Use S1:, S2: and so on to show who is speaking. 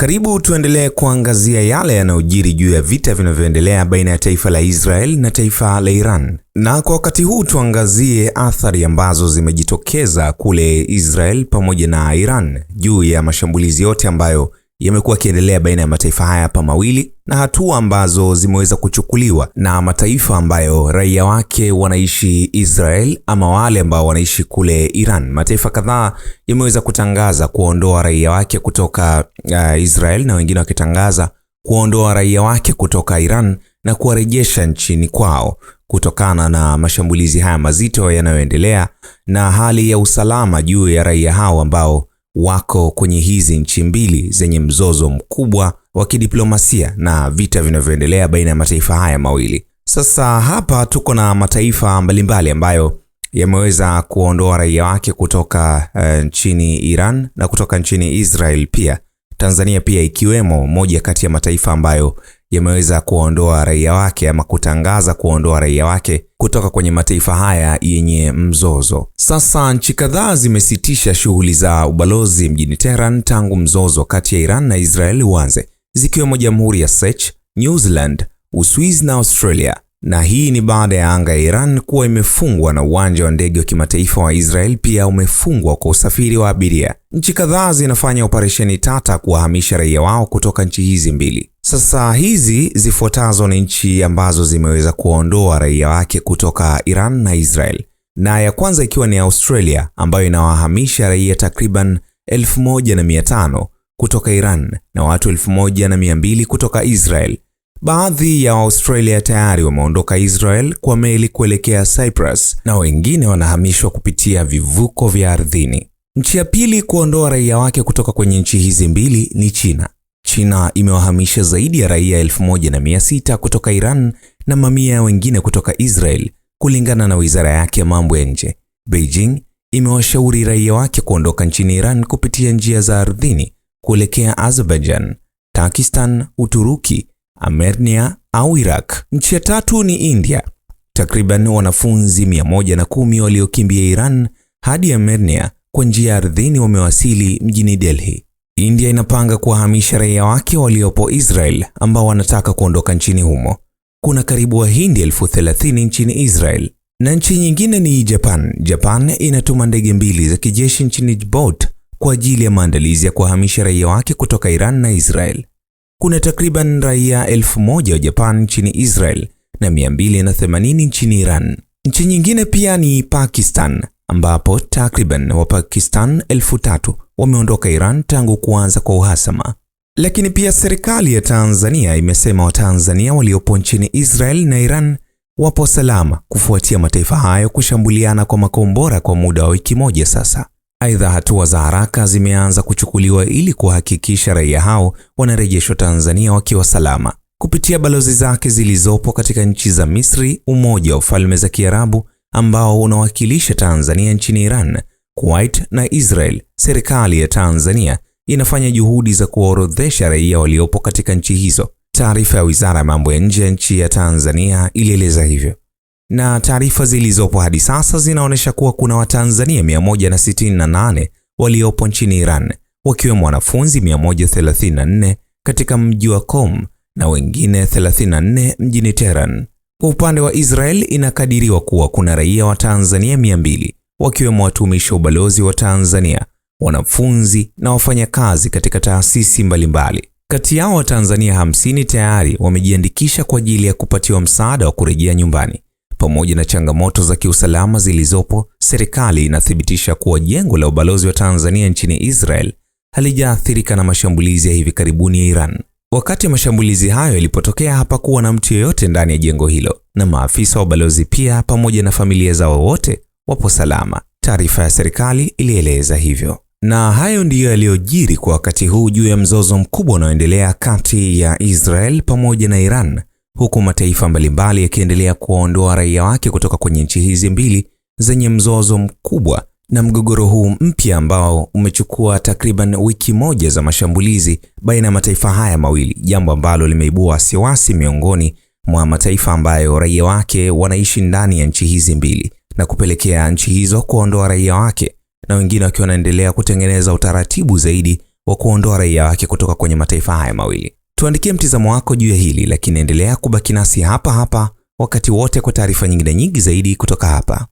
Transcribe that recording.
S1: Karibu tuendelee kuangazia yale yanayojiri juu ya vita vinavyoendelea baina ya taifa la Israel na taifa la Iran. Na kwa wakati huu tuangazie athari ambazo zimejitokeza kule Israel pamoja na Iran juu ya mashambulizi yote ambayo yamekuwa yakiendelea baina ya mataifa haya hapa mawili na hatua ambazo zimeweza kuchukuliwa na mataifa ambayo raia wake wanaishi Israel ama wale ambao wanaishi kule Iran. Mataifa kadhaa yameweza kutangaza kuondoa raia wake kutoka uh, Israel na wengine wakitangaza kuondoa raia wake kutoka Iran na kuwarejesha nchini kwao kutokana na mashambulizi haya mazito yanayoendelea na hali ya usalama juu ya raia hao ambao wako kwenye hizi nchi mbili zenye mzozo mkubwa wa kidiplomasia na vita vinavyoendelea baina ya mataifa haya mawili. Sasa hapa tuko na mataifa mbalimbali ambayo yameweza kuondoa raia wake kutoka uh, nchini Iran na kutoka nchini Israel pia. Tanzania pia ikiwemo moja kati ya mataifa ambayo yameweza kuwaondoa raia wake ama kutangaza kuwaondoa raia wake kutoka kwenye mataifa haya yenye mzozo. Sasa nchi kadhaa zimesitisha shughuli za ubalozi mjini Tehran tangu mzozo kati ya Iran na Israeli uanze, zikiwemo Jamhuri ya Czech, New Zealand, Uswizi na Australia na hii ni baada ya anga ya Iran kuwa imefungwa na uwanja wa ndege wa kimataifa wa Israel pia umefungwa kwa usafiri wa abiria. Nchi kadhaa zinafanya operesheni tata kuwahamisha raia wao kutoka nchi hizi mbili. Sasa hizi zifuatazo ni nchi ambazo zimeweza kuwaondoa raia wake kutoka Iran na Israel, na ya kwanza ikiwa ni Australia ambayo inawahamisha raia takriban 1500 kutoka Iran na watu 1200 kutoka Israel. Baadhi ya Waaustralia tayari wameondoka Israel kwa meli kuelekea Cyprus na wengine wanahamishwa kupitia vivuko vya ardhini. Nchi ya pili kuondoa raia wake kutoka kwenye nchi hizi mbili ni China. China imewahamisha zaidi ya raia 1600 kutoka Iran na mamia wengine kutoka Israel, kulingana na wizara yake ya mambo ya nje. Beijing imewashauri raia wake kuondoka nchini Iran kupitia njia za ardhini kuelekea Azerbaijan, Pakistan, Uturuki Armenia au Iraq. Nchi ya tatu ni India. Takriban wanafunzi 110 waliokimbia Iran hadi Armenia kwa njia ya ardhini wamewasili mjini Delhi. India inapanga kuwahamisha raia wake waliopo Israel ambao wanataka kuondoka nchini humo. Kuna karibu Wahindi elfu thelathini nchini Israel. Na nchi nyingine ni Japan. Japan inatuma ndege mbili za kijeshi nchini Djibouti kwa ajili ya maandalizi ya kuwahamisha raia wake kutoka Iran na Israel. Kuna takriban raia elfu moja wa Japan nchini Israel na 280 nchini Iran. Nchi nyingine pia ni Pakistan ambapo takriban Wapakistan elfu tatu wameondoka Iran tangu kuanza kwa uhasama. Lakini pia serikali ya Tanzania imesema Watanzania waliopo nchini Israel na Iran wapo salama kufuatia mataifa hayo kushambuliana kwa makombora kwa muda wa wiki moja sasa. Aidha, hatua za haraka zimeanza kuchukuliwa ili kuhakikisha raia hao wanarejeshwa Tanzania wakiwa salama kupitia balozi zake zilizopo katika nchi za Misri, Umoja wa Falme za Kiarabu ambao unawakilisha Tanzania nchini Iran, Kuwait na Israel. Serikali ya Tanzania inafanya juhudi za kuorodhesha raia waliopo katika nchi hizo. Taarifa ya Wizara ya Mambo ya Nje ya nchi ya Tanzania ilieleza hivyo na taarifa zilizopo hadi sasa zinaonyesha kuwa kuna Watanzania 168 waliopo nchini Iran, wakiwemo wanafunzi 134 katika mji wa Qom na wengine 34 mjini Tehran. Kwa upande wa Israel, inakadiriwa kuwa kuna raia wa Tanzania 200 wakiwemo watumishi wa ubalozi wa Tanzania, wanafunzi na wafanyakazi katika taasisi mbalimbali. Kati yao Watanzania 50 tayari wamejiandikisha kwa ajili ya kupatiwa msaada wa kurejea nyumbani pamoja na changamoto za kiusalama zilizopo, serikali inathibitisha kuwa jengo la ubalozi wa Tanzania nchini Israel halijaathirika na mashambulizi ya hivi karibuni ya Iran. Wakati mashambulizi hayo yalipotokea, hapakuwa na mtu yeyote ndani ya jengo hilo, na maafisa wa ubalozi pia pamoja na familia zao wote wapo salama, taarifa ya serikali ilieleza hivyo. Na hayo ndiyo yaliyojiri kwa wakati huu juu ya mzozo mkubwa unaoendelea kati ya Israel pamoja na Iran huku mataifa mbalimbali yakiendelea kuwaondoa raia wake kutoka kwenye nchi hizi mbili zenye mzozo mkubwa na mgogoro huu mpya ambao umechukua takriban wiki moja za mashambulizi baina ya mataifa haya mawili, jambo ambalo limeibua wasiwasi miongoni mwa mataifa ambayo raia wake wanaishi ndani ya nchi hizi mbili na kupelekea nchi hizo kuondoa raia wake na wengine wakiwa wanaendelea kutengeneza utaratibu zaidi wa kuondoa raia wake kutoka kwenye mataifa haya mawili. Tuandikie mtizamo wako juu ya hili, lakini endelea kubaki nasi hapa hapa wakati wote kwa taarifa nyingine nyingi zaidi kutoka hapa